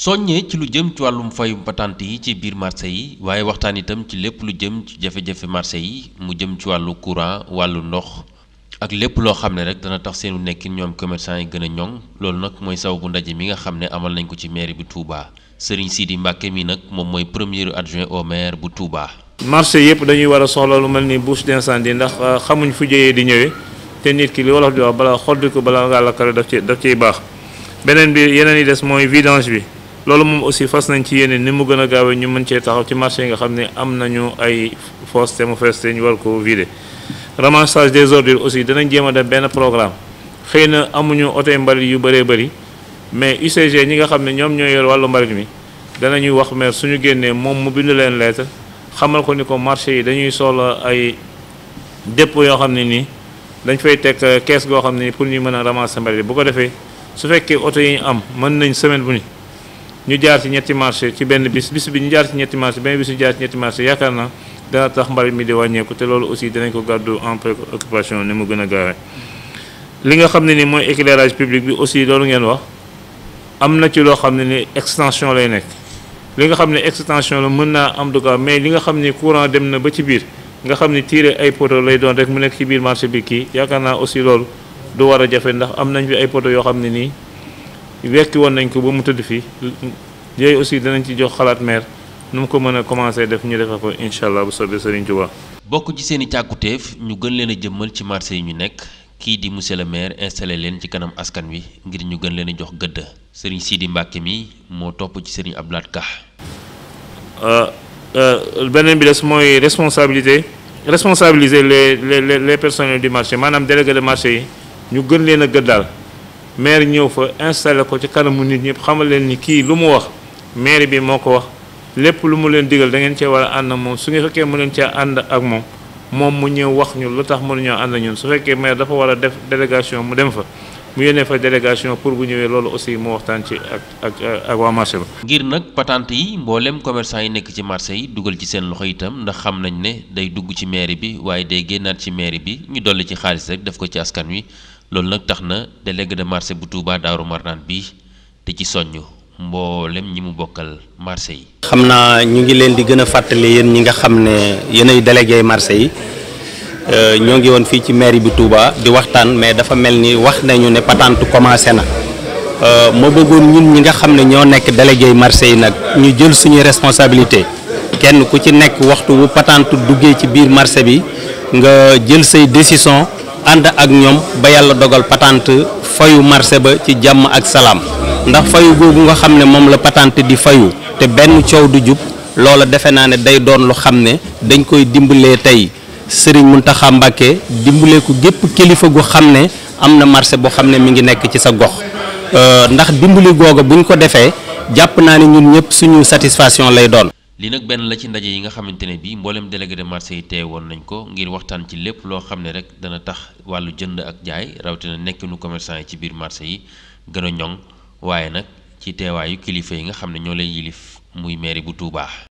soññee ci lu jëm ci wàllum fayum patente yi ci biir marché yi waaye waxtaan itam ci lépp lu jëm ci jafe-jafe marché yi mu jëm ci wàllu courant wàllu ndox ak lépp loo xam ne rek dana tax seenu nekkin ñoom commerçant yi gën a ñoŋ loolu nag sababu ndaje mi nga xam amal nañ ko ci maire bi Touba Serigne Sidi Mbacke mi nag moom mooy premier adjoint au maire bu Touba. marché yépp dañuy war a soxla lu mel ni bouche d'incendie ndax euh, xamuñ fu jëyee di ñëwee te nit ki li wolof di wax bala xoddi ko bala ngaa lakkale daf ci daf ciy baax beneen bi yeneen yi des mooy vidange bi loolu moom aussi fas nañ ci yéene ni mu gën a gaawee ñu mën cee taxaw ci marché yi nga xam ne am nañu ay fosse te mu fees te ñu war ko vider ramassage des ordures aussi danañ jéem a def benn programme xëy na amuñu oto mbalit yu bëree bëri mais UCG ñi nga xam ne ñoom ñoo yor wàllu mbalit mi danañuy wax maire suñu génnee moom mu bind leen lettre xamal ko ni ko marché yi dañuy soxla ay dépôt yoo xam ne nii dañ fay teg kees goo xam ne nii pour ñuy mën a ramasser mbalit bu ko defee su fekkee oto yi ñu am mën nañ semaine bu ni ñu jaar ci ñetti marché ci benn bis bis bi ñu jaar ci ñetti marché benn bis ñu jaar ci ñetti marché yaakaar na dana tax mbalit mi di wàññeeku te loolu aussi danañ ko gàddu en préoccupation ni mu gën a gaawee li nga xam ne nii mooy éclairage public bi aussi loolu ngeen wax am na ci loo xam ne ni extension lay nekk li nga xam ne extension la mën naa am du gaaw mais li nga xam ne courant dem na ba ci biir nga xam ni tiire ay poto lay doon rek mu nekk ci biir marché bi kii yaakaar naa aussi loolu du war jafe ndax am nañ ay poto yoo xam ne nii wekki woon nañ ko ba mu tëdd fii yooyu aussi danañ ci jox xalaat maire nu mu ko mën a commencé def ñu defee ko incha allah bu soobee Serigne Touba. bokk ci seen i càkkutéef ñu gën leen a jëmmal ci marché yi ñu nekk kii di monsieur le maire installé leen ci kanam askan wi ngir ñu gën leen a jox gëdd Serigne Sidi Mbacke mi moo topp ci Serigne Abdoulaye Ka. Euh, euh, beneen bi des mooy responsabilité responsabiliser les les les personnels du marché maanaam délégué de marché yi ñu gë leen a gëddaal. maire ñëw fa installé ko ci kanamu nit ñëpp xamal leen ni kii lu mu wax maire bi moo ko wax lépp lu mu leen digal da ngeen cee war a ànd moom su ngeen fekkee mu leen cee ànd ak moom moom mu ñëw wax ñu lu tax mënuñoo ànd ñu su fekkee maire dafa war a def délégation mu dem fa mu yónnee fa délégation pour bu ñëwee loolu aussi mu waxtaan ci ak ak waa marché ba. ngir nag patente yi mboolem commerçant yi nekk ci marché yi dugal ci seen loxo itam ndax xam nañ ne day dugg ci mairie bi waaye day génnaat ci mairie bi ñu dolli ci xaalis rek def ko ci askan wi. loolu nag tax na délégué de marché bu Touba Daaru Marnaan bi di ci soññ mboolem ñi mu bokkal marché yi. xam naa ñu ngi leen di gën a fàttali yéen ñi nga xam ne yéenay délégué marché yi euh, ñoo ngi woon fii ci mairie bu Touba di waxtaan mais dafa mel ni wax nañu ne patente commencé na. Euh, moo bëggoon ñun ñi nga xam ne ñoo nekk délégué marché yi nag ñu jël suñuy responsabilité kenn ku ci nekk waxtu bu patente duggee ci biir marché bi nga jël say décision ànd ak ñoom ba yàlla dogal patente fayu marché ba ci jàmm ak salaam ndax fayu googu nga xam ne moom la patente di fayu te benn coow du jub loola defe naa ne day doon lu xam ne dañ koy dimbalee tey Serigne Mountakha Mbacké dimbalee dimbaleeku gépp kilifa gu xam ne am na marché boo xam ne mi ngi nekk ci sa gox euh, ndax dimbali googa buñ ko defee jàpp naa ne ñun ñëpp suñu satisfaction lay doon. li nag benn la ci ndaje yi nga xamante ne bii mboolem délégué de marché yi woon nañ ko ngir waxtaan ci lépp loo xam ne rek dana tax wàllu jënd ak jaay rawatina nekkinu commerçant yi ci biir marché yi gën a ñoŋ waaye nag ci teewaayu kilifa yi nga xam ne ñoo lay yilif muy mairie bu Touba.